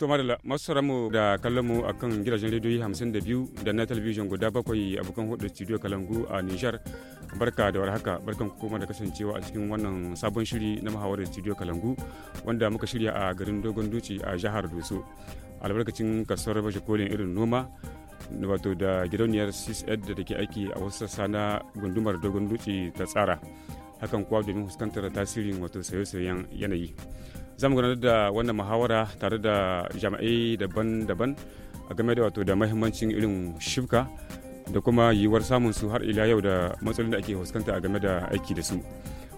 to madalla mu da kallon mu a kan gidajen rediyoyi hamsin da biyu da na talabijin guda bakwai abokan hudu studio kalangu a nijar barka da warhaka barkan kuma da kasancewa a cikin wannan sabon shiri na muhawarar studio kalangu wanda muka shirya a garin dogon duci a jihar doso albarkacin kasuwar baje kolin irin noma wato da gidauniyar sis da ke aiki a wasu sassa na gundumar dogon duci ta tsara hakan kuwa domin fuskantar tasirin wato sayo sayen yanayi za mu gudanar da wannan muhawara tare da jami'ai daban-daban a game da wato da mahimmancin irin shifka da kuma yiwuwar samun su har ila yau da matsalolin da ake fuskanta a game da aiki da su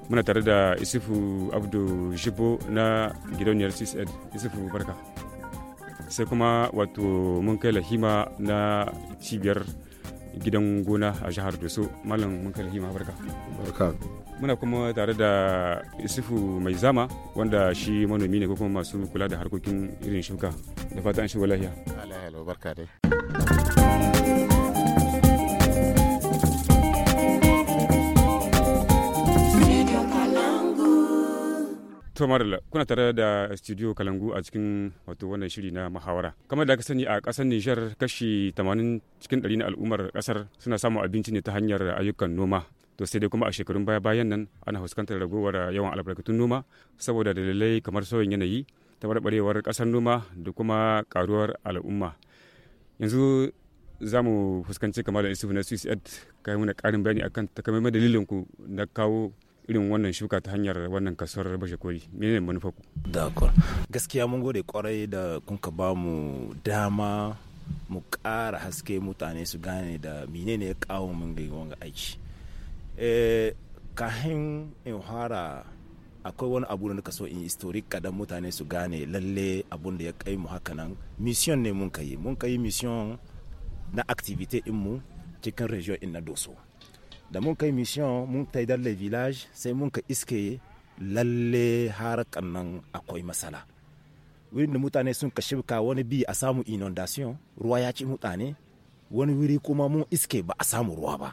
muna tare da isufu abdu shibo na gidauniyar csd isufu barka sai kuma wato mun kai lahima na cibiyar gidan gona a jihar doso malam munkar hima barka muna kuma tare da isufu mai zama wanda shi manomi ne ko kuma masu kula da harkokin irin shuka da fatan shi lafiya barka dai To Marla, kuna tare da studio Kalangu a cikin wato wannan shiri na muhawara. Kamar da ka sani a kasar Nijar kashi 80 cikin 100 na al'ummar kasar suna samun abinci ne ta hanyar ayyukan noma. To sai dai kuma a shekarun baya bayan nan ana fuskantar ragowar yawan albarkatun noma saboda dalilai kamar sauyin yanayi, tabarbarewar kasar noma da kuma karuwar al'umma. Yanzu za mu fuskanci kamar da Yusuf na suicide kai mana ƙarin bayani akan takamaiman dalilin ku na kawo irin wannan shuka ta hanyar wannan kasuwar bashe koli menene manufar ku gaskiya mun gode kwarai da kun ka ba mu dama mu ƙara haske mutane su gane da menene ya kawo mun ga wanga aiki eh, kahin in fara akwai wani abu da kaso in historic kadan mutane su gane lalle abun da ya kai mu hakanan nan mission ne mun kai mun kai mission na activity mu cikin region in na doso da mun kai mission mun tai dalle village sai mun ka iske lalle harkan nan akwai masala wurin da mutane sun ka shibka wani bi a samu inundation ruwa ya ci mutane wani wuri kuma mun iske ba a samu ruwa ba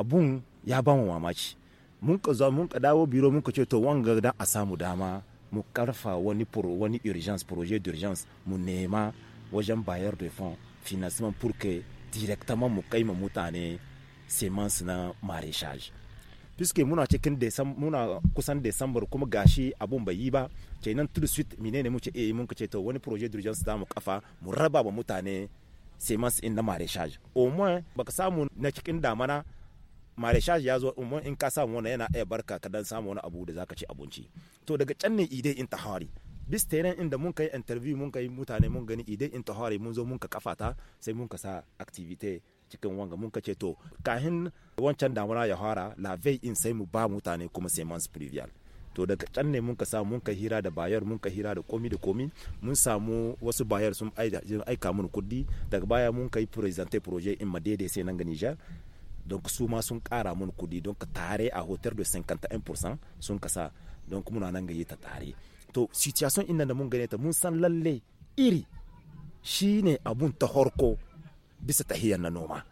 abun ya ba mu mamaci mun ka zo mun ka dawo biro mun ka ce to wanga dan a samu dama mu karfa wani pro wani urgence projet d'urgence mu nema wajen bayar da fond financement pour que directement mu kai ma mutane semans na marishaj fiske muna cikin muna kusan desambar kuma gashi abun bai yi ba kenan tout de suite menene muke iya eh, mun ce to wani projet d'urgence za mu kafa mu raba ba mutane semans in na marishaj au moins baka samu na cikin damana marishaj ya zo umman in ka samu yana aya barka ka dan samu wani abu da zaka ci abinci to daga can ne idai in tahari bis teren inda mun kai interview mun kai mutane mun gani idai in tahari mun zo mun ka kafa ta sai mun ka sa activité cikin wanga mun kace to kahin wancan damuna ya fara la vei in sai mu ba mutane kuma sai mans pluvial to daga can ne mun ka samu mun ka hira da bayar mun ka hira da komi da komi mun samu wasu bayar sun aika mun kudi daga baya mun ka yi presenté projet in madede sai nan ga Niger donc su ma sun kara mun kudi don ka tare a hotel da 51% sun kasa donc muna nan ga yi ta tare to situation inda da mun gane ta mun san lalle iri shine abun ta horko bisa tahiyar na noma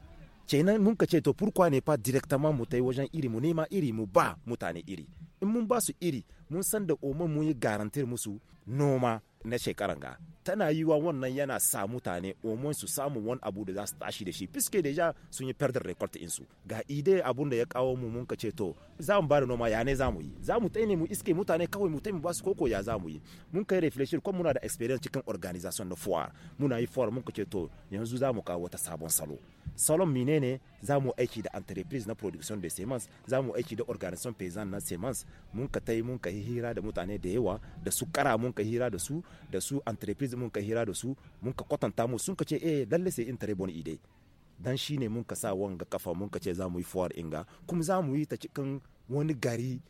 kenan mun ka ce to furkwa ne fa directement mu tai wajen iri mu nema iri mu ba mutane iri in mun ba su iri mun san da oman mun yi garantir musu noma na shekaran ga tana yi wa wannan yana sa mutane omon su samu wani abu da za su tashi da shi fiske deja sun yi perdar record in su ga ide abun da ya kawo mu mun kace to za mu bada noma ya ne za mu yi za mu taine mu iske mutane kawai mu mu ba su koko ya za mu yi mun kai reflection kuma muna da experience cikin organization na foire muna yi foire mun kace to yanzu za mu kawo wata sabon salo salon mine ne za mu aiki da entreprise na production de semans za mu aiki da organisation paysan na semence mun ka tai mun ka hira da mutane da yawa da su kara mun ka hira da su da su entreprise mun ka hira da su mun ka kwatanta mu sun ka ce eh lalle sai in tare bon ide dan shine mun ka sa wanga kafa mun ka ce za mu yi fuwar inga kuma za mu yi ta cikin wani gari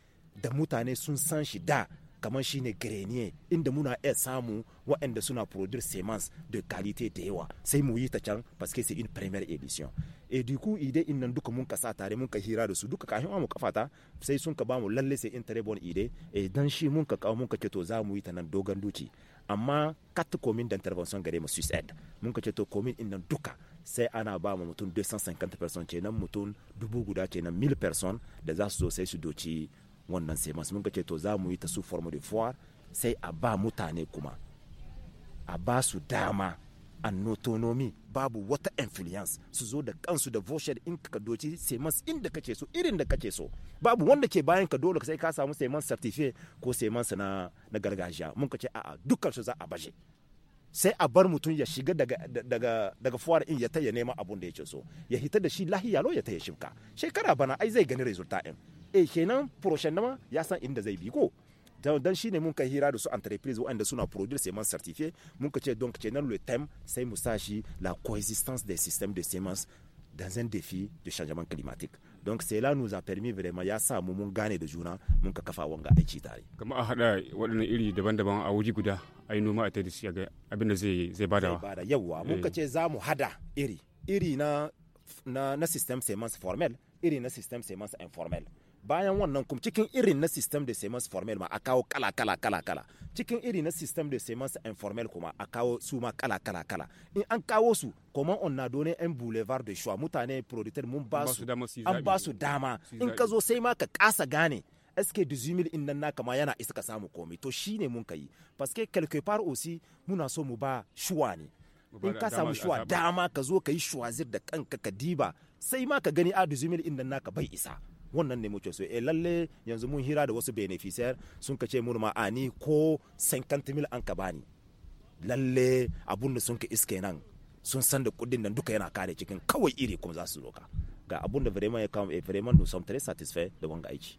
da mutane sun san shi da kamar shine grenier inda muna iya samu waɗanda suna produce semans de qualité da yawa sai mu yi ta can parce que c'est une première édition et du coup idée in nan duka mun ka sa tare mun ka hira da su duka kafin mu ta sai sun ka mu lalle sai in tare bon ide et dan shi mun ka kawo mun ka ce to za mu yi ta nan dogon duci amma kat komin da intervention gare mu Swiss Aid mun ka ce to komin ina duka sai ana ba mu mutum 250 person ce nan mutum dubu guda ce nan 1000 person da za su zo sai su doci wannan semans mun ka ce to za mu yi ta su form de foire sai a ba mutane kuma a ba su dama an autonomie. babu wata influence su zo da kansu da voucher in ka doci seman inda kake so irin da kake so babu wanda ke bayan ka dole sai ka samu seman certificate ko seman na na gargajiya mun ka ce a'a dukkan su za a baje sai a bar mutum ya shiga daga daga daga fuwar in ya ta ya nema abun da yake so ya hita da shi lahiya lo ya ta ya shimka shekara bana ai zai gani resulta din eh kenan profession ya san inda zai bi ko dan shi ne mun ka hira da su entreprise waɗanda suna produire semen certifié, mun ka ce donc kenan le thème c'est musashi la coexistence des systèmes de semences dans un défi de changement climatique donc cela nous a permis vraiment ya sa mu mun gane da juna mun ka kafa wanga aiki tare kamar a hada waɗannan iri daban-daban a wuri guda a yi noma a ta shi ga abin da zai zai bada yawa mun ka eh. ce zamu hada iri iri na na, na système semence formel iri na système semence informel bayan wannan kuma cikin irin na system de semence formel ma a kawo kala kala kala kala cikin irin na system de semence informel kuma a kawo su ma kala kala kala in an kawo su kuma on na donné en boulevard de choix mutane producteur mun ba su an ba su dama in ka zo sai ma ka kasa gane eske 18000 in nan naka ma yana isa ka samu komai to shine mun kai parce que quelque part aussi muna so mu ba shuwa ne in ka samu shuwa dama ka zo ka yi shuwazir da kanka ka diba sai ma ka gani a 18000 in nan naka bai isa wannan ne muke so eh lalle yanzu mun hira da wasu beneficiaire sun kace mun ma ani ko 50 mil an ka bani lalle abun da sun ka iske nan sun san da kudin nan duka yana kare cikin kawai iri kuma za su roka ga abun da vraiment ya kawo eh vraiment nous sommes très satisfaits de wanga aiki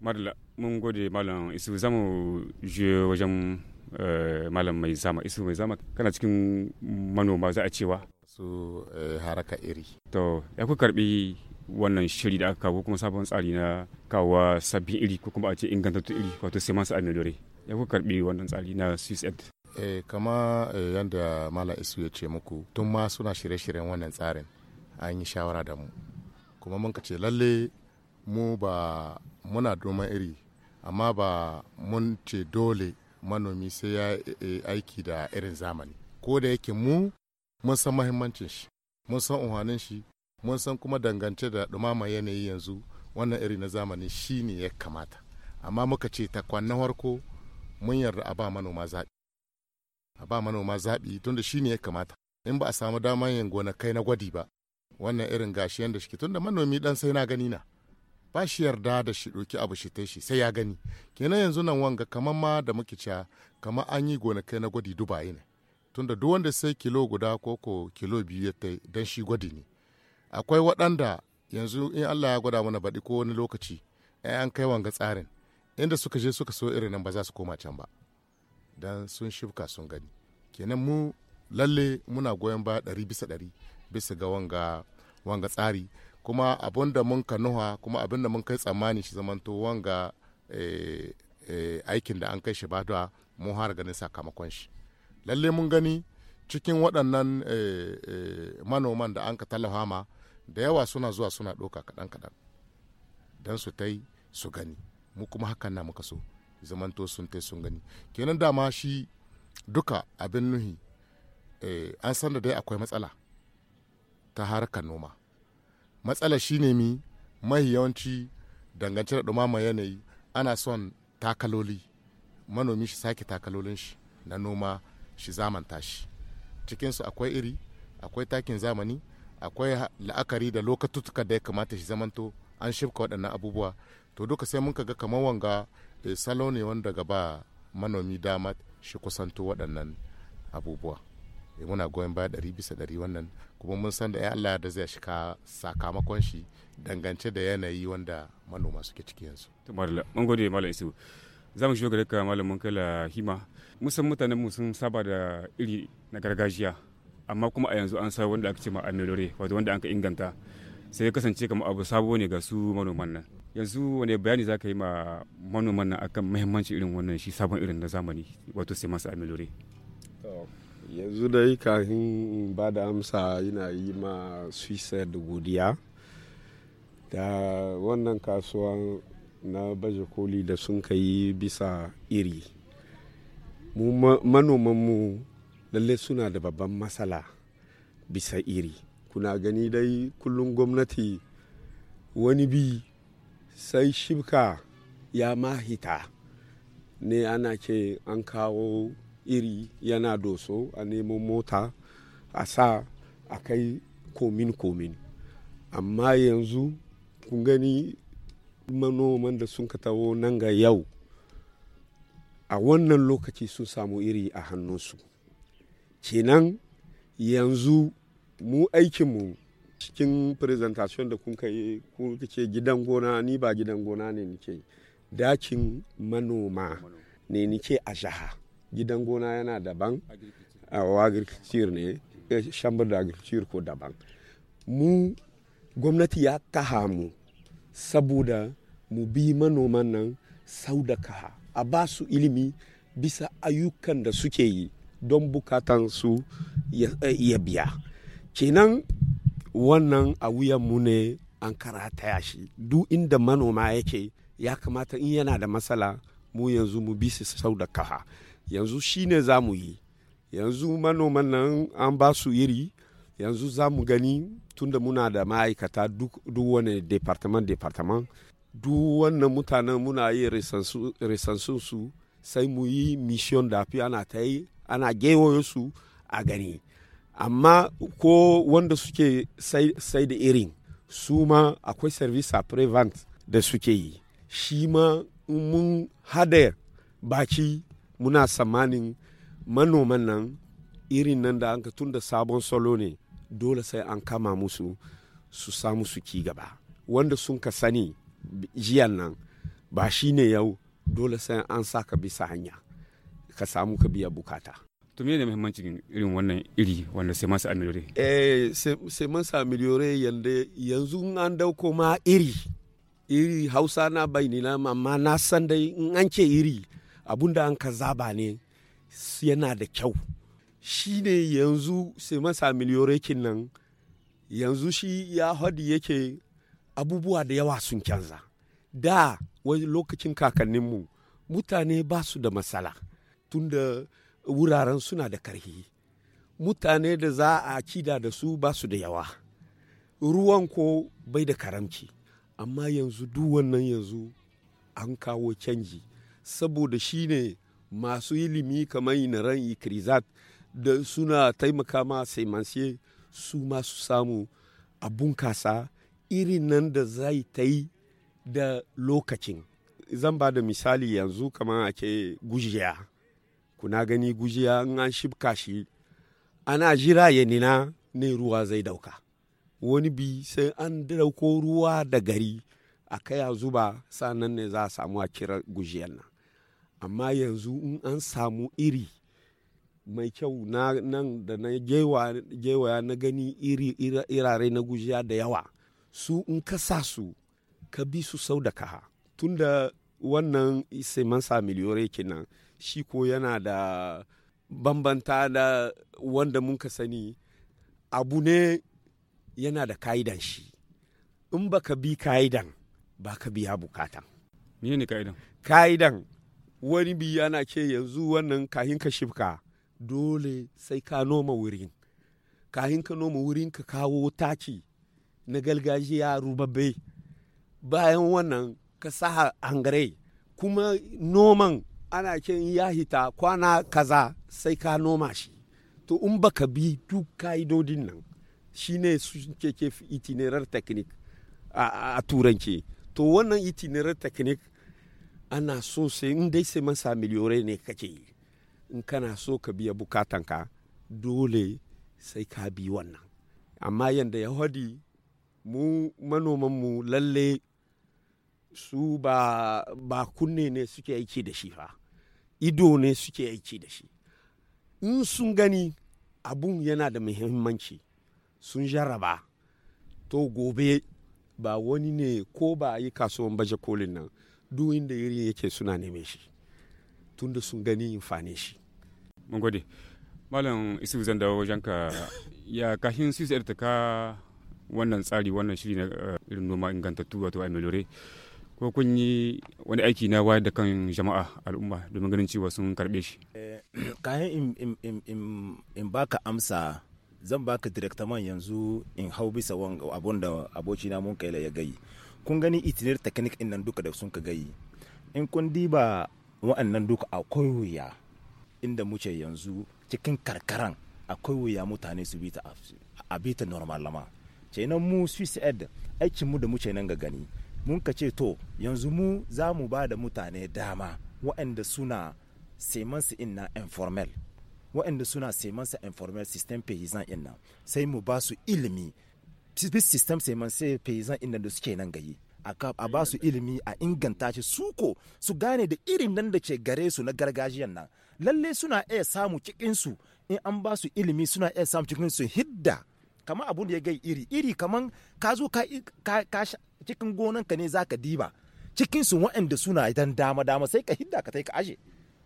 madalla mun gode malam isu zamu je wajen eh, malam mai zama isu mai zama kana cikin manoma za a cewa su eh, haraka iri to ya ku karbi wannan shiri da aka kawo kuma sabon tsari na kawo sabbin iri ko kuma a ce ingantattun iri wato sai masu ameliore ya ku karbi wannan tsari na swiss eh, kama eh, yadda mala isu ya ce muku tun ma suna shirye-shiryen wannan tsarin an yi shawara da mu kuma mun ce lalle mu ba muna domin iri amma ba mun ce dole manomi sai ya eh, aiki da irin zamani ko da yake mu mun san mahimmancin shi mun san unhanin shi mun san kuma dangance da dumama yanayi yanzu wannan iri na zamani shi ne ya kamata amma muka ce ta kwanna farko mun yarda a ba manoma zaɓi a ba manoma zaɓi tunda shi ne ya kamata in ba a samu damar yin gonakai na gwadi ba wannan irin gashi yadda shi tun da manomi dan sai na gani na ba shi yarda da shi ɗauki abu shi tai shi sai ya gani kenan yanzu nan wanga kamar ma da muke cewa kamar an yi gonakai na gwadi dubaye ne tunda duk wanda sai kilo guda ko ko kilo biyu ya tai don shi gwadi ne akwai waɗanda yanzu in Allah ya gwada mana baɗi ko wani lokaci an kai wanga tsarin inda suka je suka so irin nan ba za su koma can ba don sun shifka sun gani kenan mu lalle muna goyon ba ɗari bisa ɗari bisa ga wanga wanga tsari kuma abin da mun ka nuha kuma abin da mun kai tsammani shi zamanto wanga eh, eh, aikin da an kai shi ba mun har ganin sakamakon shi lalle mun gani cikin waɗannan eh, eh, manoman da an ka tallafa ma da yawa suna zuwa suna ɗoka kaɗan kaɗan don su tai su gani mu kuma hakan na muka so zamanto sun tai sun gani kenan dama shi duka abin nuhi eh, an san da dai akwai matsala ta harkar noma matsala shi ne mi mahi yawanci dangance da ɗumama yanayi ana son takaloli manomi shi sake takalolin shi na noma shi zamanta shi cikinsu akwai iri akwai takin zamani akwai la'akari da lokatutuka da ya kamata shi zamanto an shifka waɗannan abubuwa to duka sai muka ga kamar wanga eh, salo ne wanda gaba manomi dama shi kusanto waɗannan abubuwa eh, muna goyon baya ɗari bisa ɗari wannan kuma mun san da ya Allah da zai shiga sakamakon shi dangance da yanayi wanda manoma suke ciki yanzu. mun gode Malam Isu. za mu shigo gare ka malamin kala hima musan mutanen mu sun saba da iri na gargajiya amma kuma a yanzu an sa wanda aka ce ma amelore wato wanda an ka inganta sai ya kasance kamar abu sabo ne ga su manoman nan yanzu wani bayani za ka yi ma manoman nan akan muhimmanci irin wannan shi sabon irin na zamani wato sai masu amelore yanzu dai kafin ba da amsa yana yi ma da godiya da wannan kasuwan na baje koli da sun kayi bisa iri mu manomanmu lalle suna da babban matsala bisa iri kuna gani dai kullum gwamnati wani bi sai shibka ya mahita ne ana ce an kawo iri yana doso a nemo mota a sa a kai komin-komin amma yanzu kun gani manoman da sun ka tawo nan ga yau a wannan lokaci sun samu iri a hannunsu kenan yanzu mu aikinmu cikin presentation da kuka yi kuka ce gidan gona ni ba gidan gona ne nike dakin manoma ne nike a jaha gidan gona yana daban a agriculture ne shambar eh, da agriculture ko daban mu gwamnati ya kaha mu saboda mu bi manoman nan sau da kaha a ba su ilimi bisa ayyukan da suke yi don bukatan su ya eh, biya kenan wannan a wuyan mu ne an karataya shi duk inda manoma yake ya kamata in yana da matsala mu yanzu mu bi su sau da kaha yanzu shine za mu yi yanzu manoman nan an ba su iri yanzu za mu gani tunda muna da ma'aikata duk wani departament departement duk wannan mutanen muna yi resansun su sai mu yi mission da fi ana ta yi ana gewayo su a gani amma ko wanda suke sai da irin su ma akwai service a prevent da suke yi shi ma mun hada baki muna samanin manoman nan irin nan da an ka tun da sabon solo ne dole sai an kama musu su samu su ki gaba wanda sun ka sani jiyan nan ba shi ne yau dole sai an sa ka bisa hanya ka samu ka biya bukata to me ne muhimmancin irin wannan iri wanda sai masa amilore eh sai sa amilore yanda yanzu an dauko ma iri iri hausa na bai na amma na san dai in an ce iri abunda an ka zaba ne yana da kyau shi ne yanzu sai masa miliyorekin nan yanzu shi ya hadi yake abubuwa da yawa sun canza da wani lokacin kakanninmu mutane ba su da matsala tunda wuraren suna da karhi mutane da za a kida da su ba su da yawa ruwan ko bai da karamci amma yanzu duk wannan yanzu an kawo canji saboda shi ne masu ilimi kamar inaran ikrizat da suna taimaka ma manse su masu samu a bunkasa irin nan da zai ta yi da lokacin zan ba da misali yanzu kamar ake gujiya kuna gani gujiya in an shibka shi ana jira ya nina ne ruwa zai dauka wani bi sai an dauko ruwa da gari a kai kaya zuba nan ne za a samu a kira gujiyar nan amma yanzu in an samu iri mai kyau na nan da na gewaya na gani iri irare na gujiya da yawa su in ka sa su ka bi su sau da kaha tunda wannan sa miliyore kenan shi ko yana da bambanta da wanda mun ka sani abu ne yana da ka'idan shi in ba ka bi ka'idan ba ka biya bukata ne ka'idan ka'idan wani bi yana ke yanzu wannan kahin ka shifka dole sai ka noma wurin kahin ka noma wurin ka kawo taki na gargajiya rubabbe bayan wannan ka sa hangare kuma noman ana kin ya hita kwana kaza sai ka noma shi to in baka bi duk ka'idodin nan shine suke ke itinerar teknik a turanci to wannan itinerar teknik ana so sai in dai sai masa miliyore ne kake yi in kana so ka biya bukatanka dole sai ka bi wannan amma yadda ya hadi mu manomanmu lalle su ba, ba kunne ne suke aiki da shi fa ido ne suke aiki da shi in sun gani abun yana da muhimmanci sun jaraba to gobe ba wani ne ko ba yi kasuwan baje kolin nan duk inda iri yake suna neme shi tunda sun gani fane shi mun gode malam isu zan dawo ka ya kashin su ta ka wannan tsari wannan shiri na eh, irin noma ingantattu wato a melore ko kun yi wani aiki na wayar da kan jama'a al'umma domin ganin cewa sun karbe shi eh, kayan in baka amsa zan baka direktaman yanzu in hau bisa abun da na mun kaila ya gayi kun gani itinir teknik in nan duka da sun ka gayi in kun diba wa'annan duka akwai wuya inda muke yanzu cikin karkaran akwai wuya mutane su bi ta a normal lama ce kenan mu suicide aikin mu da muke nan ga gani mun ka ce to yanzu mu za mu ba da mutane dama wa'anda suna su inna informal wa'anda suna su informal system paysan inna sai mu ba su ilimi system sai paysan inna da suke nan gayi a ba su ilimi a inganta shi su ko su gane da irin nan da ke gare su na gargajiyan nan lalle suna iya samu cikinsu in an ba su ilimi suna iya samu cikinsu hidda kamar abun da ya gai iri iri kamar ka zo ka, cikin gonanka ne za ka diba cikinsu waɗanda suna dan dama dama sai ka hidda ka sai ka aje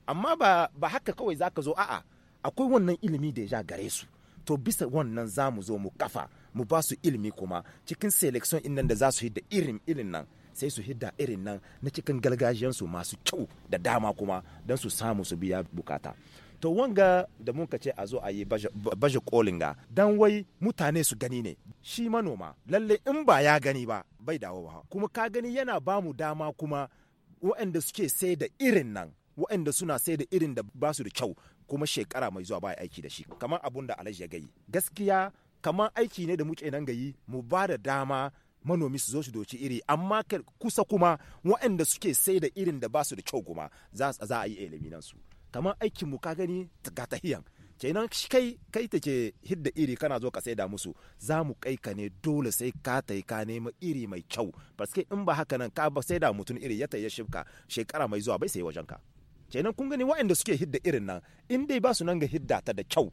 amma ba, haka kawai za ka zo a'a akwai wannan ilimi da ya gare su to bisa wannan za mu zo mu kafa mu ba su ilimi kuma cikin selection in nan da za su hidda irin ilin nan sai su hidda irin nan na cikin galgajiyansu masu kyau da dama kuma don su samu su biya bukata to wanga da mun ce a zo a yi baje kolin ga dan wai mutane su gani ne shi manoma lalle in ba ya gani ba bai dawo ba kuma ka gani yana ba mu dama kuma waɗanda suke sai da irin nan waɗanda suna sai da irin da ba su da kyau kuma shekara mai zuwa ba aiki da shi kamar abun da alhaji ya gayi gaskiya kamar aiki ne da muke nan ga yi mu ba da dama manomi su zo su doci iri amma kusa kuma waɗanda suke sai da irin da ba su da kyau kuma za a yi ilimi su kamar aikin mu ka gani ga tahiyan kenan kai kai take hidda iri kana zo ka saida musu za mu kai ka ne dole sai ka tai ka nema iri mai kyau paske in ba haka nan ka ba saida mutum iri ya tai ya shibka shekara mai zuwa bai sai wajen ka kenan kun gani waɗanda suke hidda irin nan in dai ba su nan ga hidda ta da kyau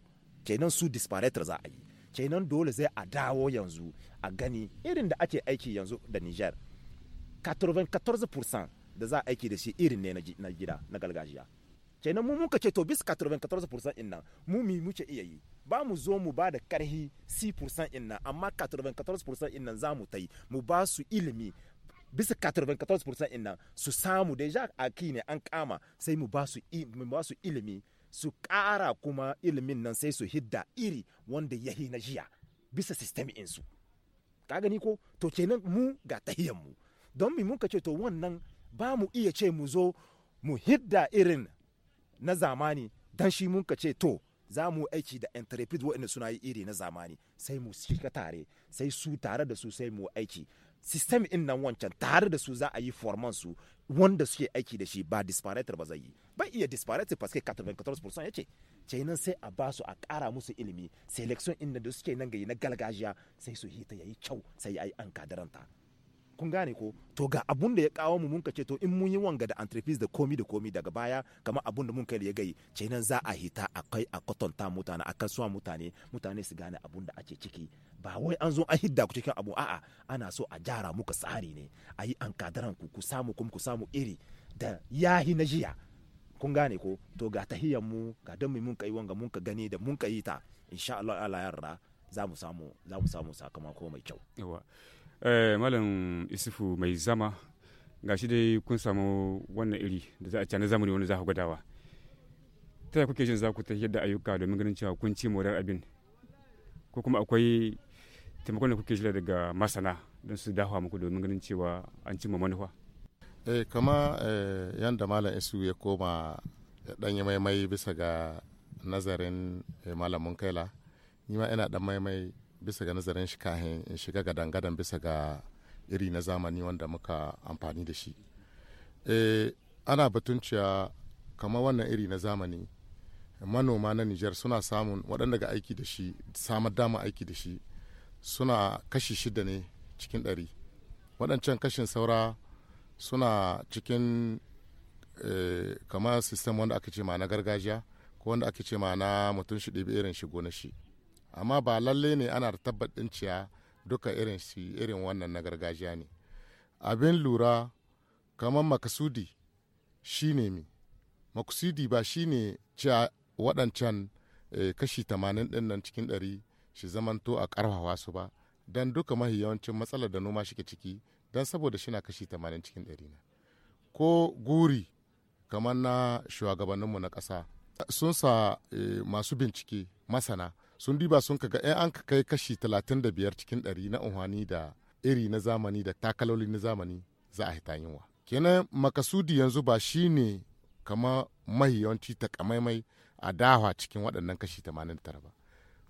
kenan su disparator za a yi kenan dole zai a dawo yanzu a gani irin da ake aiki yanzu da niger 94% da za a aiki da shi irin ne na gida na gargajiya kenan mu muka ce to bis 94% in mu mi muke iya yi ba mu zo mu ba da karhi 6% in amma 94% in za mu ta yi mu ba su ilimi bisa 94% in su samu deja a ne an kama sai mu ba su ilimi su ƙara kuma ilimin nan sai su hidda iri wanda ya na jiya bisa sistemi insu ka gani ko to kenan mu ga tahiyan mu don mi muka ce to wannan ba mu iya ce mu zo mu hidda irin na zamani don shi muka ce to za mu aiki da entrepreneur waɗanda suna yi iri na zamani sai mu shiga tare sai su tare da su sai mu aiki system in nan wancan tare da su za a yi forman su wanda suke aiki da shi ba disparator ba zai yi ba iya disparator parce que 94% ya ce kenan sai a ba su a kara musu ilimi selection in da suke nan gayi na galgajiya sai su hita yayi kyau sai yi an kadaranta kun gane ko to ga abun da ya kawo mu mun ce to in mun yi wanga da entreprise da komi da komi daga baya kamar abun da mun kai ya gai nan za a hita a kai a kwatanta mutane a kasuwa mutane mutane su gane abun da ake ciki ba wai an zo an hidda ku cikin abu a'a ana so a jara muka tsari ne a yi an kadaran ku ku samu kuma ku samu iri da yahi na jiya kun gane ko to ga tahiyan mu ga dan mun kai wanga mun ka gani da mun ka yi ta insha Allah Allah yarda za za mu samu sakamako mai kyau Eh, malam isufu mai zama shi dai kun samu wannan iri da za a cana zamani wani za ku gwadawa ta kuke jin za ku tafiyar yadda ayyuka domin ganin cewa kun ci morar abin ko kuma akwai taimakon da kuke jira daga masana don su dafa muku domin ganin cewa an cimma manufa eh kama eh, yanda malam isu ya koma dan yi maimai bisa ga nazarin eh, malamin kaila ni ma ina dan maimai bisa ga nazarin shi kahin in shiga gadan-gadan bisa ga iri na zamani wanda muka amfani da shi e, ana batun cewa kamar wannan iri na zamani manoma na Nijar suna samun waɗanda ga aiki da shi samar dama aiki da shi suna kashi shida ne cikin ɗari waɗancan kashin saura suna cikin eh, kamar sistem wanda aka ce ma na gargajiya ko wanda aka ce ma na mutum shi ɗabi irin shi gona shi amma ba lalle ne ana da tabbatin ciya duka irin shi irin wannan na gargajiya ne abin lura kamar makasudi shi ne mi makusudi ba shi ne cewa waɗancan eh, kashi 80 ɗin nan cikin 100 shi zamanto a ƙarfafa su ba don duka mahi yawancin matsalar da noma shike ciki don saboda shi na kashi 80 cikin 100 na ko guri kamar na shugabanninmu na ƙasa sun sa eh, masu bincike masana sun diba sun kaga in an kai kashi 35 cikin 100 na unhani da iri na zamani da takaloli na zamani za a hita yunwa kenan makasudi yanzu ba shi ne kama ta kamaimai a dawa cikin waɗannan kashi 89 ba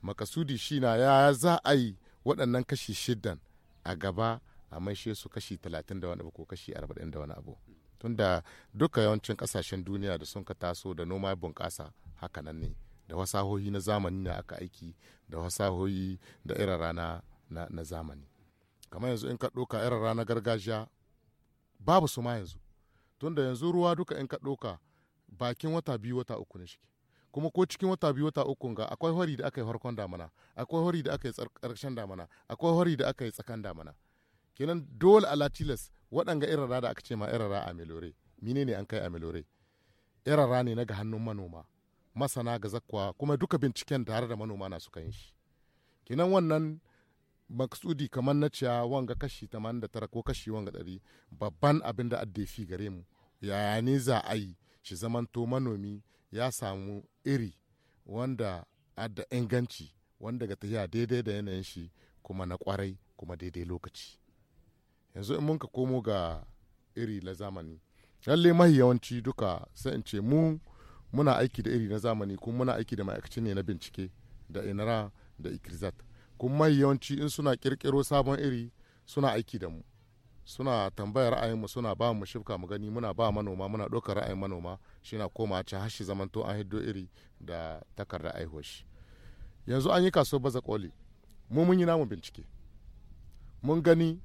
makasudi shi na ya za a yi waɗannan kashi shiddan a gaba a maishe su kashi 30 da wani abu ko kashi 40 da wani abu tunda duka yawancin kasashen duniya da sun ka taso da noma bunƙasa hakanan ne da fasahohi na zamani na aka aiki da fasahohi da irin rana na, na zamani kamar yanzu in ka ɗauka irin rana gargajiya babu su ma yanzu tunda yanzu ruwa duka in ka ɗauka bakin wata biyu wata uku ne shi kuma ko cikin wata biyu wata uku ga akwai hori da aka yi farkon damana akwai hori da aka yi ƙarshen damana akwai hori da aka yi tsakan damana kenan dole ala tilas waɗanga irara da aka ce ma irara a melore mine ne an kai a melore irara ne na ga hannun manoma masana ga zakwa kuma duka binciken tare da manoma na suka yin shi kinan wannan maksudi kamar na ciya wanga kashi 89 ko kashi wanga 100 babban abin da addefi gare mu yaya ne za a yi shi zamanto manomi ya samu iri wanda adda inganci wanda ga tafiya daidai da yanayin shi kuma na kwarai kuma daidai lokaci yanzu in mun ka komo ga iri na zamani lalle mahi yawanci duka sai in ce mu muna aiki da iri na zamani kuma muna aiki da ma'aikacin ne na bincike da inara da ikirzat kuma yawanci in suna kirkiro sabon iri suna aiki da mu suna tambayar ra'ayinmu suna ba mu shifka mu gani muna ba manoma muna ɗaukar ra'ayin manoma shi na koma ci hashi zamanto an hiddo iri da takarda aihuwar shi yanzu an yi kasuwar baza koli mu mun yi namu bincike mun gani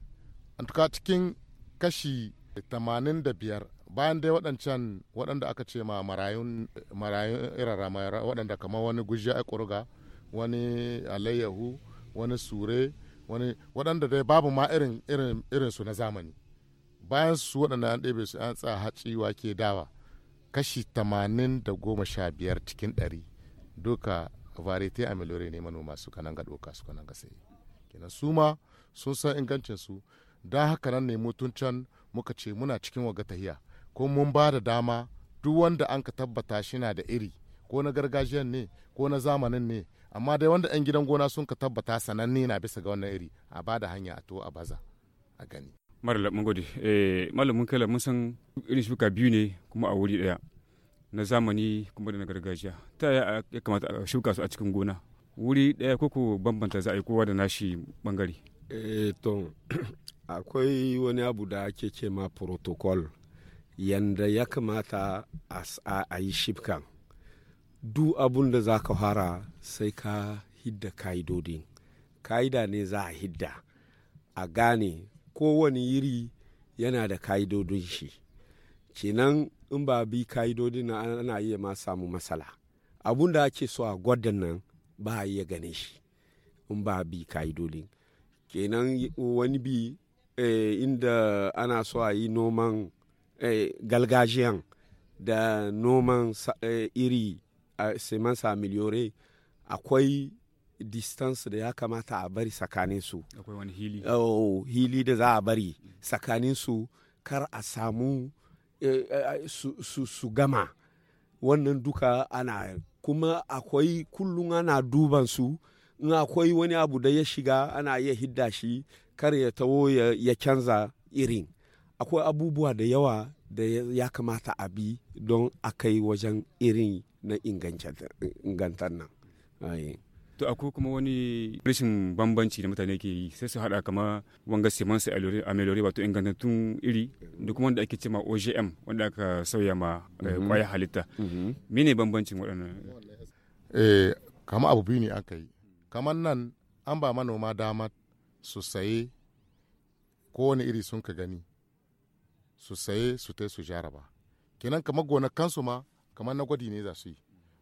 a cikin kashi 85 bayan dai waɗancan waɗanda aka ce ma marayun marayun irara waɗanda kama wani gujiya a ƙurga wani alayyahu wani sure wani waɗanda dai babu ma irin su na zamani bayan su waɗanda an ɗebe su an tsaha haci wake dawa kashi tamanin da goma sha biyar cikin ɗari duka a ameliore ne manoma su kanan ga ɗoka su kanan ga sai kenan su ma sun san ingancin su don haka nan ne mutuncan muka ce muna cikin waga tahiya ko mun ba da dama duk wanda an ka tabbata shi na da iri ko na gargajiyan ne ko na zamanin ne amma dai wanda 'yan gidan gona sun ka tabbata sananne na bisa ga wannan iri a ba da hanya a to a baza a gani marla mun gode eh, malamin kala mun san irin shuka biyu ne kuma a wuri daya na zamani kuma da na gargajiya ta ya kamata a shuka su a cikin gona wuri daya koko bambanta za a yi kowa da nashi bangare eh to akwai wani abu da ake ce ma protocol yanda ya kamata a yi shifkan duk abun da za ka fara sai ka hidda ka'idodin ka'ida ne za a hidda a gane kowane yiri yana da ka'idodin shi kenan in ba bi ka'idodin na ana iya ma samu matsala abun da ake so a gwadon nan ba a iya gane shi in ba bi ka'idodin kenan wani bi eh, inda ana so a yi noman Eh, galgajiyan da noman eh, iri a semansa miliyore akwai distance da ya kamata a bari tsakaninsu akwai wani hili oh, hili da za a bari tsakaninsu kar a samu eh, su gama wannan duka ana kuma akwai kullum ana duban su in akwai wani abu da ya shiga ana iya hidda shi kar ya tawo ya canza irin akwai abubuwa da yawa da ya kamata a bi don a kai wajen irin na ingantar nan to akwai kuma wani rashin bambanci da mutane ke yi sai su hada kama wanga siman su amelore wato ingantattun iri da kuma wanda ake cema ogm wanda aka sauya ma kwaya eh, mhm. halitta mhm. mene bambancin waɗannan eh kama abu biyu ne aka yi kamar nan an ba manoma dama su saye kowane iri sun ka gani su saye su tai su jaraba kenan kamar gonakansu ma kamar na gwadi ne za su yi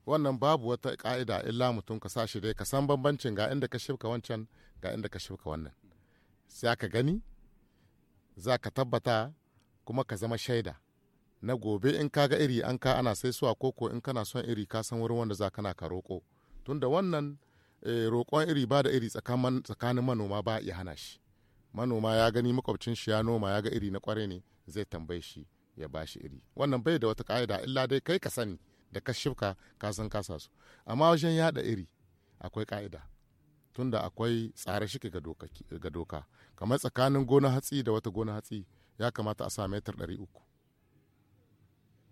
wannan babu wata ka'ida illa mutum ka sa shi dai ka san bambancin ga inda ka shifka wancan ga inda ka shifka wannan za ka gani za ka tabbata kuma ka zama shaida na gobe in ka ga iri an ka ana sai suwa koko in kana son iri ka san wurin wanda za kana ka roƙo tunda wannan eh, roƙon iri ba da iri tsakanin manoma ba ya hana shi manoma ya gani makwabcin shi ya noma ya ga iri na kware ne zai tambaye shi ya ba shi iri wannan bai da wata ka'ida illa dai kai ka sani da ka shifka ka san kasa su amma wajen yada iri akwai ka'ida tunda akwai tsare shi ga doka kamar tsakanin gona hatsi da wata gona hatsi ya kamata a sa metar ɗari uku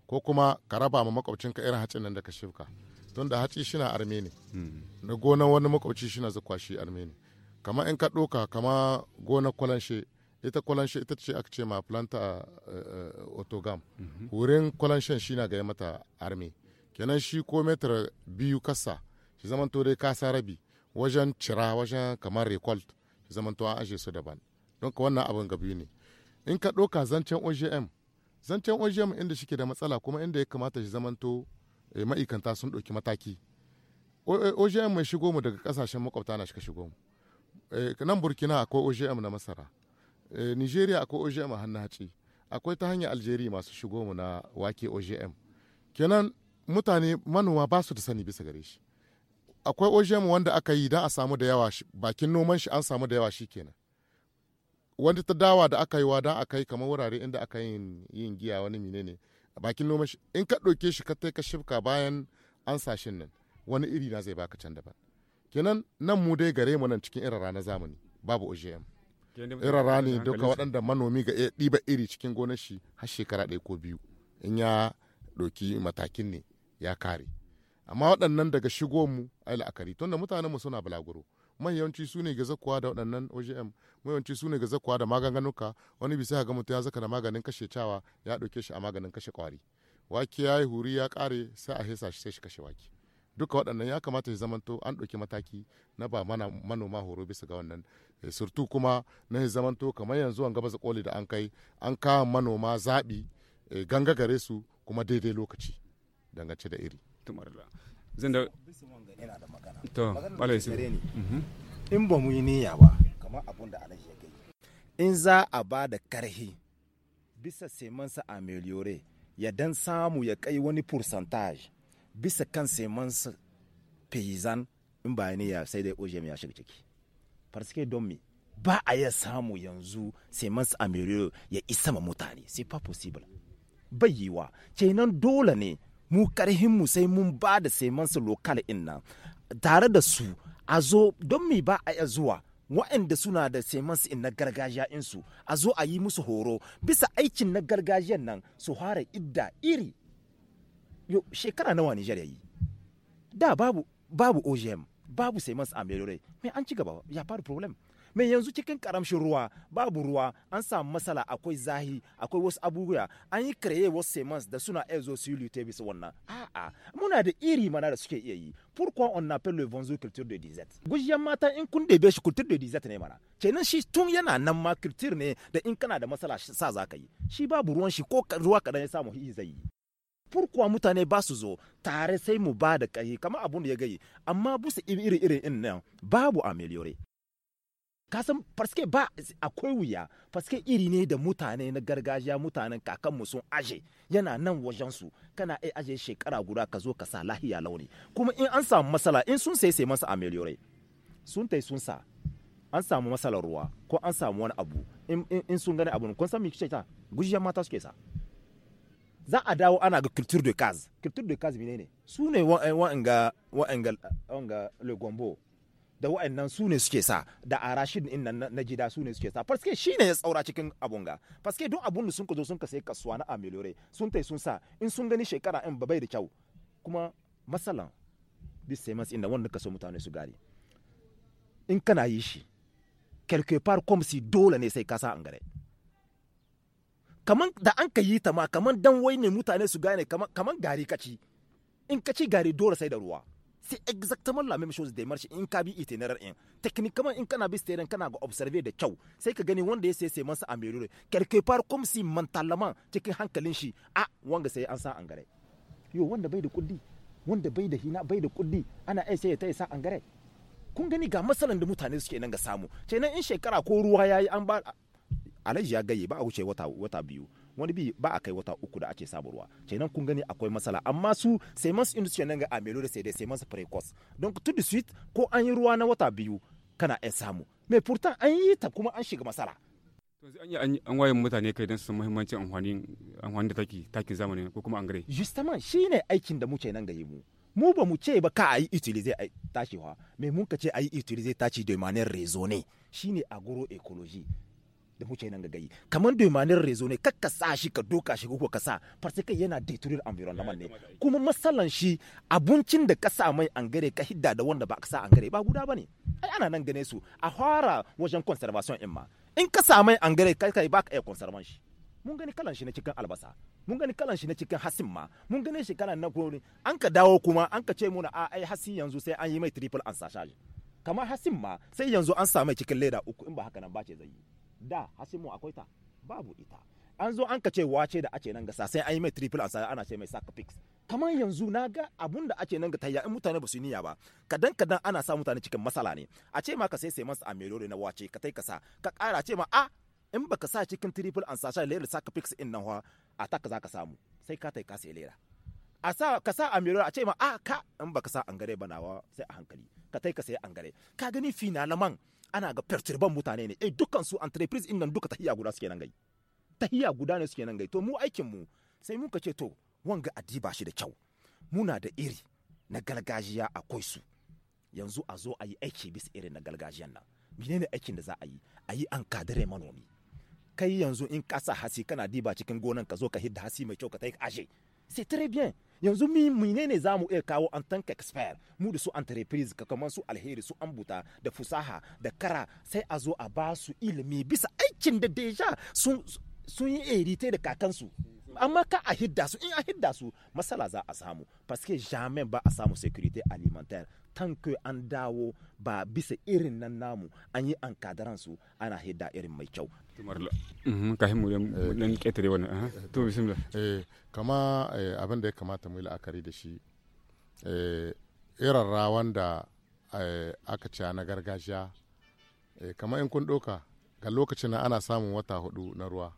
ko kuma ka raba ma makwabcinka irin hatsin nan da ka shifka tunda hatsi shina arme ne hmm. na gonan wani makwabci shina na shi arme ne kamar in ka doka kama gonar kwalanshe ita kwalanshe ita ce aka ce ma planta eh, eh, otogam mhm. wurin kwalanshen shi na gaya mata arme kenan shi ko metara biyu kasa shi zamanto dai kasa rabi wajen cira wajen kamar recall shi zamanto an ashe su daban don ka wannan abin gabi ne in ka doka zancen ogm zancen ogm inda shi ke da matsala kuma inda ya kamata shi zamanto eh, ma'aikanta sun ɗauki mataki ogm mai shigo mu daga kasashen makwabta na shiga shigo mu nan burkina akwai ogm na masara Eh, nigeria akwai ogm a hannun akwai ta hanyar algeria masu shigo mu na wake ogm kenan mutane manoma ba su da sani bisa gare shi akwai ogm wanda aka yi don a samu da yawa bakin noman shi an samu da yawa shi kenan wanda ta dawa da aka yi wa don aka yi kamar wurare inda aka yin yin giya wani mine ne bakin noman shi in ka ɗauke shi ka ka shifka bayan an sashin nan wani iri na zai baka can daban kenan nan mu dai gare mu nan cikin irin ranar zamani babu ogm irin rani duka waɗanda manomi ga ɗiba iri cikin gonar shi har shekara ɗaya ko biyu in ya ɗauki matakin ne ya kare amma waɗannan daga shigo mu ai la'akari tunda mu suna balaguro mayawanci su ne gaza kuwa da waɗannan OGM mayawanci su ne gaza kuwa da maganganuka wani bisa ga mutum ya zaka da maganin kashe cawa ya ɗauke shi a maganin kashe kwari wake ya yi huri ya kare sai a hesa shi sai shi kashe wake duka waɗannan ya kamata ya zamanto an ɗauki mataki na ba mana manoma horo bisa ga wannan eh, surtu kuma na ya zamanto kamar yanzu an gabasa koli da an kai an kawo manoma zaɓi eh, ganga gare su kuma daidai lokaci dangance da iri zan da ina da magana to mhm. in ba mu yi niyya ba kamar abun da alaji ya kai in za a ba da karhi bisa semansa ameliore ya dan samu ya kai wani percentage bisa kan semansa paysan in ba ne ya sai dai OGM ya shiga ciki farske don me ba a ya samu yanzu semansa amiriyo ya isa ma mutane sai fa possible bai yiwa kenan dole ne mu karhin mu sai mun ba da semansa lokal in nan tare da su a zo don me ba a ya zuwa waɗanda suna da semansu in na gargajiya insu a zo a yi musu horo bisa aikin na gargajiyan nan su fara idda iri yo shekara nawa Nijar ya yi da babu babu OGM babu Siemens Amelore me an ci gaba ya faru problem me yanzu cikin karamshin ruwa babu ruwa an samu matsala akwai zahi akwai wasu abubuwa an yi kare wasu semans da suna iya zo su yi bisa wannan a'a muna da iri mana da suke iya yi pourquoi on appelle le bonzo culture de disette gujiyan mata in kun debe shi culture de disette ne mana kenan shi tun yana nan ma culture ne da in kana da matsala sa za ka yi shi babu ruwan shi ko ruwa kadan ya samu zai yi furkuwa mutane ba su zo tare sai mu ba da kai kamar abun da ya gayi amma busu iri iri in nan babu ameliore ka san faske ba akwai wuya faske iri ne da mutane na gargajiya mutanen kakanmu sun aje yana nan wajen su kana ai aje shekara guda ka zo ka sa lahiya launi kuma in an samu masala in sun sai sai masa ameliore sun tai sun sa an samu matsalar ruwa ko an samu wani abu in sun gani abu kun san me kike ta gujiyar mata suke sa za a dawo ana ga culture de case culture de case menene su ne eh, wa'anga wa'anga wa'anga le gombo da wa'annan su ne suke sa da rashid in nan na jida su ne suke sa paske shi ne ya tsaura cikin abun ga paske don abun da sun ka sun ka kasuwa na amelore sun tai sun sa in sun gani shekara in bai da kyau kuma masalan this same inda wanda kaso mutane su gari in kana yi shi quelque part comme si dole ne sai ka sa an gare kaman da an ka yi ta ma kaman dan wai ne mutane su gane kaman gari kaci in kaci gari dole sai da ruwa c'est exactement la même chose démarche in ka bi itinéraire in techniquement in kana bi terrain kana ga observer da kyau sai ka gani wanda ya sai sai mansa ameliore quelque part comme si mentalement cikin hankalin shi a wanga sai an sa an gare yo wanda bai da kulli wanda bai da hina bai da kulli ana ai sai ya tai sa an gare kun gani ga masalan da mutane suke nan ga samu kenan in shekara ko ruwa yayi an ba alaji ya gaye ba a wuce wata wata biyu wani bi ba a kai wata uku da ake sabarwa kenan kun gani akwai matsala amma su semence nan ga a melo da sai dai semence precoce donc tout de suite ko an yi ruwa na wata biyu kana iya samu me pourtant an yi ta kuma an shiga matsala an waye mutane kai don su muhimmancin amfani da taki takin zamani ko kuma angare justement shine aikin da muke nan gaye mu mu ba mu ce ba ka a yi utiliser a tashiwa mai mun ka ce a yi utiliser tashi de manière raisonnée shine agro ecologie da huce nan ga gayi kamar domanin rezo ne kakka sa shi ka doka shi ko ka sa farce kai yana deturir environment ne kuma masallan shi abincin da kasa mai an ka hidda da wanda ba ka sa an gare ba guda bane ai ana nan gane su a fara wajen conservation in ma in ka sa mai an gare kai kai ba ka iya conservation shi mun gani kalan shi na cikin albasa mun gani kalan shi na cikin hasin ma mun gani shi kalan na kuri an ka dawo kuma an ka ce muna a ai hasi yanzu sai an yi mai triple ansa sasha kamar hasin ma sai yanzu an samu cikin leda uku in ba haka nan ba ce zai yi da hasimu akwai ta babu ita an zo an ka ce wace da ace nan gasa sai an yi mai triple ansa ana ce mai saka fix kamar yanzu na ga abun da ake nan ga tayya in mutane ba su niyya ba kadan kadan ana sa mutane cikin matsala ne a ce ma ka sai sai masa a melore na wace ka tai ka sa ka kara ce ma a ah, in baka sa cikin triple ansa sai lera saka fix in nan wa a ta ka za ka samu sai ka tai ka sai lera a sa ka sa a melore a ce ma a ah, ka in baka sa an gare ba nawa sai a hankali ka tai ka sai an gare ka gani finalaman ana ga perturban mutane ne eh dukkan su entreprise din nan duka tahiya guda suke nan gai tahiya guda ne suke nan gai to mu aikin mu sai muka ce to wanga diba shi da kyau muna da iri na gargajiya akwai su yanzu a zo ayi aiki bisa irin na gargajiyan nan menene aikin da za a yi a yi an kadare manomi kai yanzu in kasa hasi kana diba cikin gonan ka zo ka hidda hasi mai kyau ka tai ashe c'est très bien yanzu mi menene za mu iya kawo an tanka expert mu da su entreprise ka kamar su alheri su buta da fusaha da kara sai a zo a ba su ilimi bisa aikin da deja sun yi erite da kakansu amma ka a hidda su in a hidda su matsala za a samu paske jamais ba a samu security alimentaire tanke an dawo ba bisa irin nan namu an yi an su ana hidda irin mai kyau kama abin da ya kamata mu yi la'akari da shi eh, irin rawan da eh, aka ci na gargajiya eh, kama in kun doka ga lokacin ana samun wata hudu na ruwa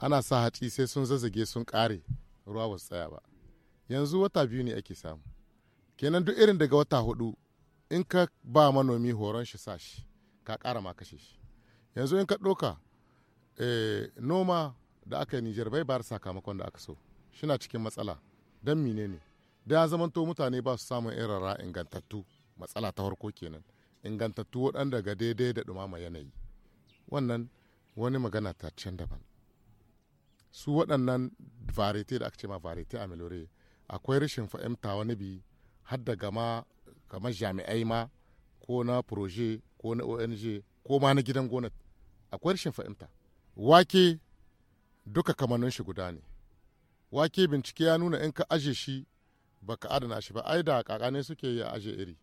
ana sa hatsi sai sun zazzage sun kare ruwa ba tsaya ba yanzu wata biyu ne ake samu kenan duk irin daga wata hudu in ka ba manomi horon shi sa shi ka kara ma kashe shi yanzu in ka ɗoka eh, noma da aka yi nijar bai bayar sakamakon da aka so shina cikin matsala don mine ne da ya zamanto mutane ba su samun irara ingantattu matsala ta farko kenan ingantattu waɗanda ga daidai da ɗumama yanayi wannan wani magana ta can daban su waɗannan varieté da aka ce ma varieté amelore akwai rashin fahimta wani biyu. har da gama kamar jami'ai ma ko na proje ko na ong ko ma na gidan gona akwai rashin fahimta wake duka kamannin shi guda ne wake bincike ya nuna in ka aje shi baka adana shi ba ai da kakane suke yi a aje iri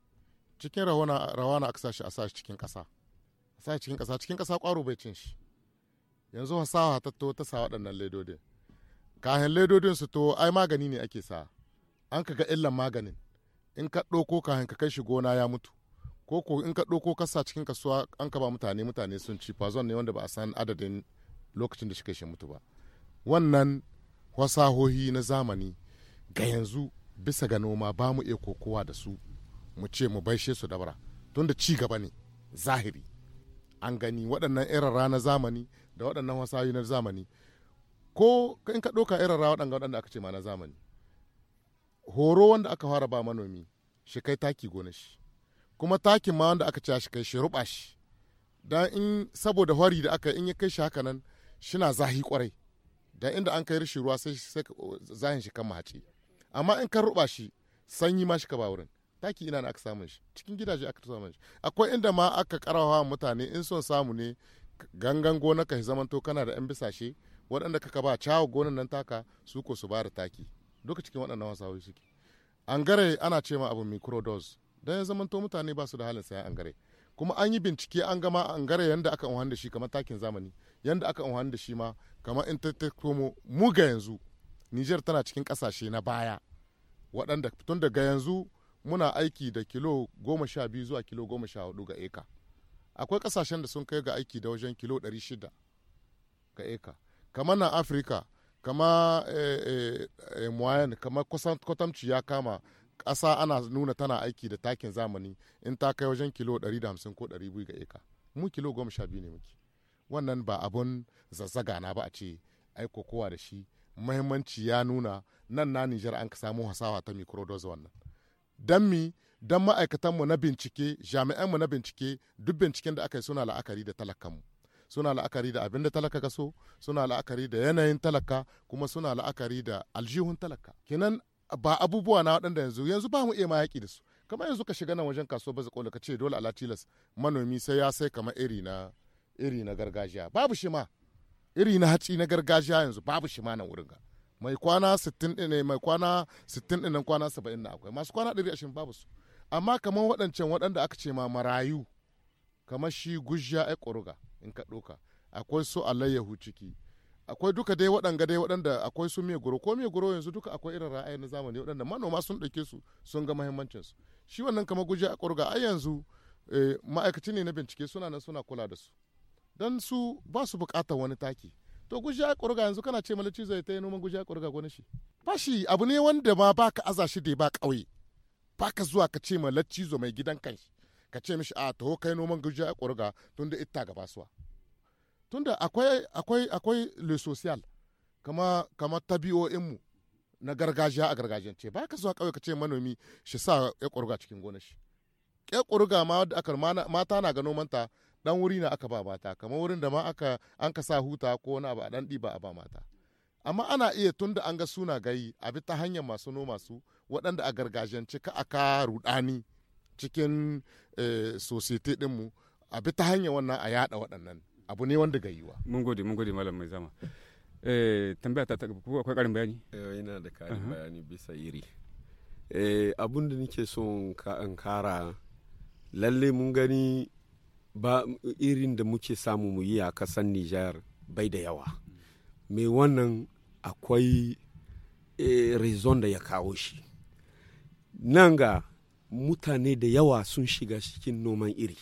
cikin rawana rawana aka sashi a sashi cikin kasa a sashi cikin kasa cikin kasa kwaro bai cin shi yanzu fasaha ta to ta sa waɗannan ledodin kahin ledodin su to ai magani ne ake sa an ka ga illan maganin in ka ɗauko ka ka kai shi gona ya mutu ko ko in ka ɗauko kasa cikin kasuwa an ka ba mutane mutane sun ci fazon ne wanda ba a san adadin lokacin da shi kai shi mutu ba wannan fasahohi na zamani ga yanzu bisa ga noma ba mu iya kokowa da su mu ce mu baishe su dabara tunda ci gaba ne zahiri an gani waɗannan irara na zamani da waɗannan wasahohi na zamani ko in ka ɗauka irara waɗanda aka ce ma na zamani horo wanda aka fara ba manomi shi kai taki gona shi kuma takin ma wanda aka ci shi kai shi ruba shi dan in saboda hori da aka in ya kai shi haka nan shina zahi kwarai dan inda an kai rishi ruwa sai zahin shi kan mace amma in ka ruba shi sanyi ma shi ka ba wurin taki ina na aka samun shi cikin gidaje aka samun shi akwai inda ma aka karawa mutane in son samu ne gangan gona ka zamanto kana da yan bisashe waɗanda ka ba cawo gonan nan taka su ko su ba da taki duka cikin waɗannan wasawai suke angare ana cewa ma abu microdose don ya zamanto mutane ba su da halin sayan angare kuma an yi bincike an gama angare yadda aka amfani da shi kamar takin zamani yadda aka amfani da shi ma kamar in ta mu ga yanzu Niger tana cikin kasashe na baya waɗanda tun daga yanzu muna aiki da kilo goma sha biyu zuwa kilo goma sha hudu ga eka akwai kasashen da sun kai ga aiki da wajen kilo ɗari shida ga eka kamar na afirka kama eh, eh, eh, mwayan kama kwatamci ya kama ƙasa ana nuna tana aiki da takin zamani in ta kai wajen kilo 150 ko 200 ga eka mu kilo 12 ne muke wannan ba abun zazzaga na ba a ce aiko kowa da shi mahimmanci ya nuna nan na Nijar an ka samu hasawa ta microdose wannan dan mi dan ma'aikatanmu na bincike jami'anmu na bincike duk binciken da aka yi suna la'akari da talakanmu suna la'akari da abin da talaka ka so suna la'akari da yanayin talaka kuma suna la'akari da aljihun talaka Kinan ba abubuwa na waɗanda yanzu yanzu ba mu iya ma da su kamar yanzu ka shiga nan wajen kasuwa ba zaƙo ka ce dole ala tilas manomi sai ya sai kamar iri na iri na gargajiya babu shi ma iri na hatsi na gargajiya yanzu babu shi ma nan wurin ga mai kwana 60 din ne mai kwana 60 din nan kwana 70 na akwai masu kwana 120 babu su amma kamar waɗancan waɗanda aka ce ma marayu kamar shi gujja ai ƙuruga in ka ɗoka akwai su alayyahu ciki akwai duka dai waɗanga dai waɗanda akwai su mai goro ko mai goro yanzu duka akwai irin ra'ayi na zamani waɗanda manoma sun ɗauke su sun ga mahimmancin su shi wannan kama guje a ƙurga ai yanzu eh, ma'aikaci ne na bincike suna nan suna kula da su don su ba su buƙatar wani taki to guje a ƙurga yanzu kana ce malaci zai ta yi noman guje a ƙurga gwani shi ba shi abu ne wanda ma baka aza shi da ba ƙauye baka zuwa ka ce ma zo mai gidan kanshi ka ce mishi a taho kai noman gujiya a ƙurga tun da itta gaba suwa tun da akwai akwai le social kama kama tabi'o'inmu na gargajiya a gargajiyance ba ka zuwa kawai ka ce manomi shi sa ya ƙurga cikin gonar shi ya ƙurga ma wadda aka mata na ga ta dan wuri na aka ba mata kamar wurin da ma aka an ka sa huta ko wani abu a dan ɗiba a ba mata amma ana iya tun da an ga suna gayi a bi ta hanyar masu noma su waɗanda a gargajiyance ka aka rudani cikin Eh, society dinmu a bi ta hanyar wannan a yada waɗannan abu ne wanda ga yiwa mun gode mun gode malam mai zama eh, tambaya ta ta ko akwai karin bayani yana eh, da karin bayani bisa iri abun da nake so in kara lalle mun gani ba irin da muke samu mu yi a kasan Nijar bai da yawa me wannan akwai raison da ya kawo shi nan ga mutane da yawa sun shiga cikin noman iri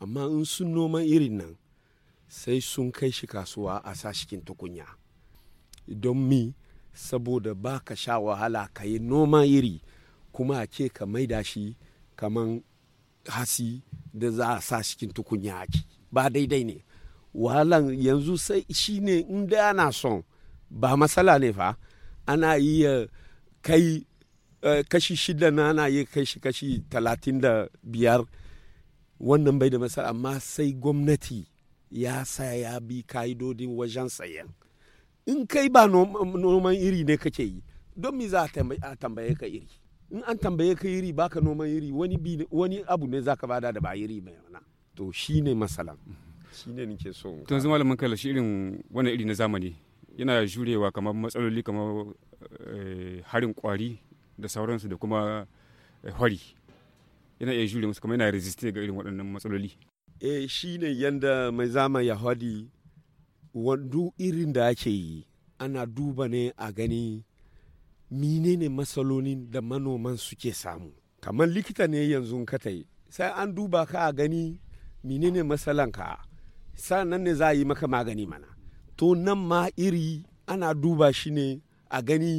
amma in sun noman irin nan sai sun kai shi kasuwa a sa cikin tukunya don mi saboda ba ka sha wahala ka yi noman iri kuma a ce ka maida shi kaman hasi da za a sa cikin tukunya a ciki ba daidai ne wahalan yanzu sai shi ne inda ana son ba matsala ne fa ana iya kai Eh, kashi shida na ana yi kashi kashi talatin da biyar wannan bai da masar amma sai gwamnati ya sa ya bi ka'idodin wajen sayan in kai ba noman iri ne kake yi don mi za a tambaye ka iri in an tambaye ka iri baka noman iri wani, wani abu ne za ka bada da ba iri mai yana to masala matsala ne nike so to zama da mankala shi irin wani iri na zamani yana jurewa kamar matsaloli kamar eh, harin kwari da sauransu da kuma hori eh, yana iya jure musu kuma yana resiste ga irin waɗannan matsaloli eh shi ne yadda mai zama ya hori wandu irin da ake yi ana duba ne a gani menene matsalolin da manoman suke samu kamar likita ne yanzu ka ta yi sai an duba ka a gani menene matsalanka sannan ne za a yi maka magani mana to nan ma iri ana duba shi ne a gani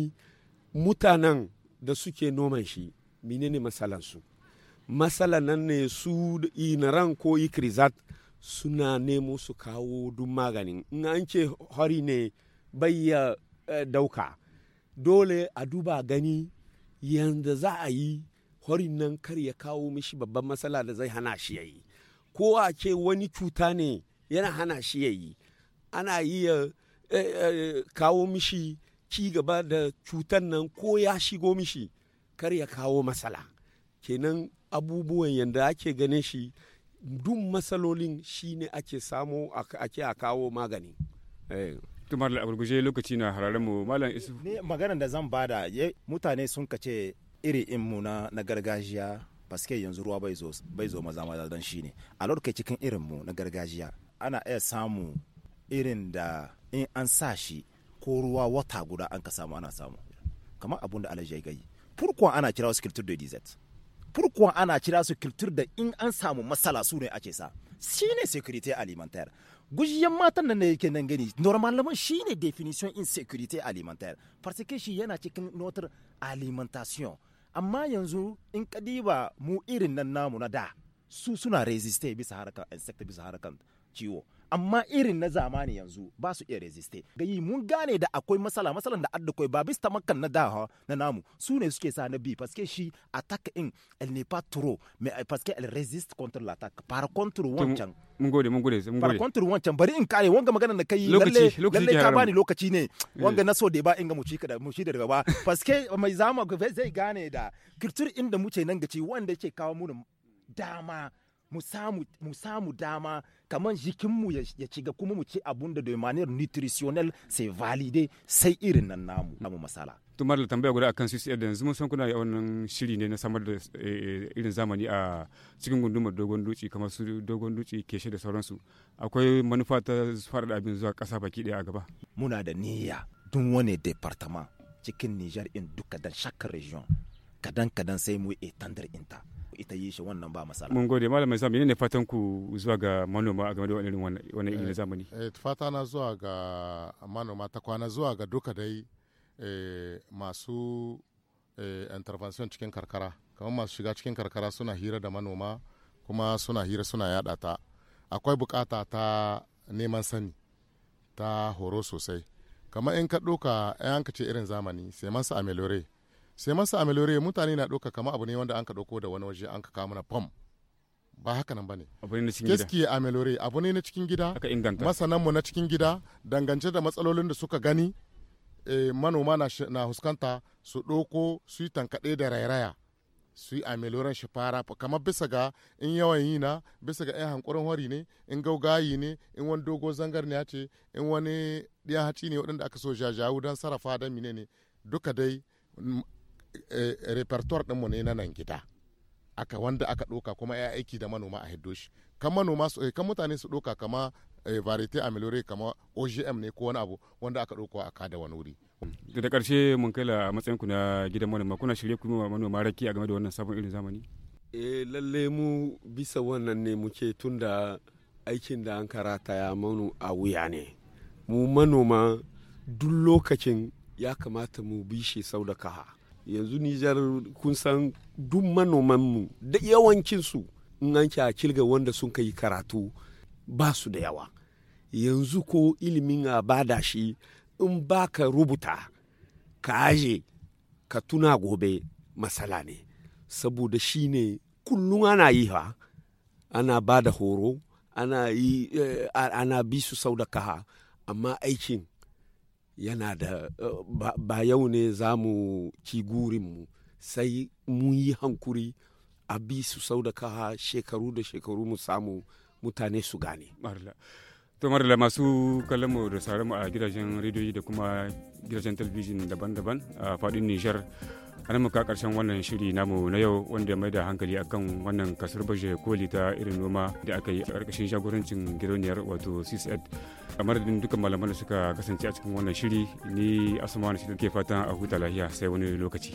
mutanen da suke noman shi menene matsalansu matsala nan ne su inaran ko ikrizat suna nemo su kawo duk maganin in an ce hori ne bayya eh, dauka dole a duba gani yadda za a yi hori nan kar ya kawo mishi babban matsala da zai hana shi ya ko a ce wani cuta ne yana hana shi ya ana iya eh, eh, kawo mishi ci gaba da cutar nan ko ya shigo mishi kar ya kawo matsala kenan abubuwan yadda ake ganin shi duk matsalolin shine ake samo ake a kawo magani eh. tumar a lokaci na hararren mu malam isu ne maganar da zan bada mutane sun kace iri in mu na gargajiya paske yanzu ruwa bai zo bai zo maza maza dan shine a lokacin cikin irin mu na gargajiya ana iya samu irin da in an sa shi ko ruwa wata guda an ka samu ana samu kamar abun da alaji ya gayi furkuwa ana kira su culture de dz furkuwa ana kira su culture da in an samu matsala su ne ake sa shine security alimentaire gujiyan matan nan da yake nan gani normalement shine definition in security alimentaire parce que shi yana cikin notar alimentation amma yanzu in kadiba mu irin nan namu na da su suna resiste bisa harkar insect bisa harkar ciwo amma irin na zamani yanzu ba su iya resiste gayi mun gane da akwai matsala matsalan da adda koi ba bista makan na da na namu su ne suke sa na bi paske shi attack in el ne pas trop mais eh, paske el resiste contre l'attaque par contre wancan mun gode mun gode mun gode par wancan bari in kare wanga magana da kai lalle lalle ka bani lokaci ne eh. wanga na so da ba in ga mu ci da mu ci da gaba paske mai zama zai gane da kirtur inda mu ce nan gaci wanda yake kawo mu dama mu samu dama kamar jikinmu ya ciga kuma mu ci abun da domaniyar nutritional sai valide sai irin nan namu namu masala tumar da tambaya guda akan CCL da yanzu mun san kuna wannan shiri ne na samar da eh, eh, irin zamani a cikin gundumar dogon duci kamar su dogon duci keshe da sauransu akwai manufa ta fara abin zuwa kasa baki daya a gaba muna da niyya dun wani departement cikin nijar in duka dan shakar region kadan kadan sai mu etandar inta ita yi shi wannan ba masala mun gode malamai mai ne ne fatan ku zuwa ga manoma a game da wannan wannan eh, irin zamani eh fata na zuwa ga manoma ta kwana zuwa ga duka dai eh, masu eh, intervention cikin karkara kamar masu shiga cikin karkara suna hira da manoma kuma suna hira suna yada ta akwai bukata ta neman sani ta horo sosai kamar in ka ɗauka yan ka ce irin zamani sai masu amelore sai masa amelore mutane na ɗauka kama abu ne wanda an ka ɗauko da wani waje an ka kawo mana pom ba haka nan bane abu ne na cikin gida keski amelore abu ne na cikin gida aka inganta masananmu na cikin gida dangance da matsalolin da suka gani eh, manoma na, na huskanta su ɗauko su yi tankaɗe da rairaya su yi amelioran shi fara kama bisa ga in yawan yi na bisa ga 'yan hankurin hori ne in gaugayi ne in wani dogo zangar ne ce in wani ɗiyan haci ne waɗanda aka so jajawu don sarrafa don mine ne duka dai Eh, repertoire ɗinmu ne na nan gida aka wanda aka ɗoka kuma ya aiki da manoma a hiddo shi kan manoma su eh, kan mutane su ɗoka kama eh, variety ameliore kama ogm ne ko wani abu wanda aka ɗauko a kada wani wuri da ƙarshe mun kai a matsayin ku na gidan manoma kuna shirye ku ma manoma raki a game da wannan sabon irin zamani e lalle mu bisa wannan ne muke tunda aikin da an karata ya manu a wuya ne mu manoma duk lokacin ya kamata mu bi shi sau da kaha yanzu nijar kun san duk mu da yawancinsu in an a kilga wanda sun kai karatu ba su da yawa yanzu ko ilimin a bada shi in ba ka rubuta ka aje ka tuna gobe matsala ne saboda shi ne kullum ana yi ha ana ba da horo ana, eh, ana bi su sau da kaha amma aikin yana da eh, ba yau ne za mu ci gurinmu sai mun yi hankuri a bi su sau da kaha shekaru da shekaru mu samu mutane su gane. tomar da masu kallonmu da sauranmu a gidajen rediyo da kuma gidajen talabijin daban-daban a faɗin nijar a nan muka karshen wannan shiri namu na yau wanda mai da hankali akan wannan kasar baje koli ta irin noma da aka yi a karkashin jagorancin gidauniyar wato csed kamar da dukkan malaman da suka kasance a cikin wannan shiri ni asuma na shi ke fatan a huta lahiya sai wani lokaci.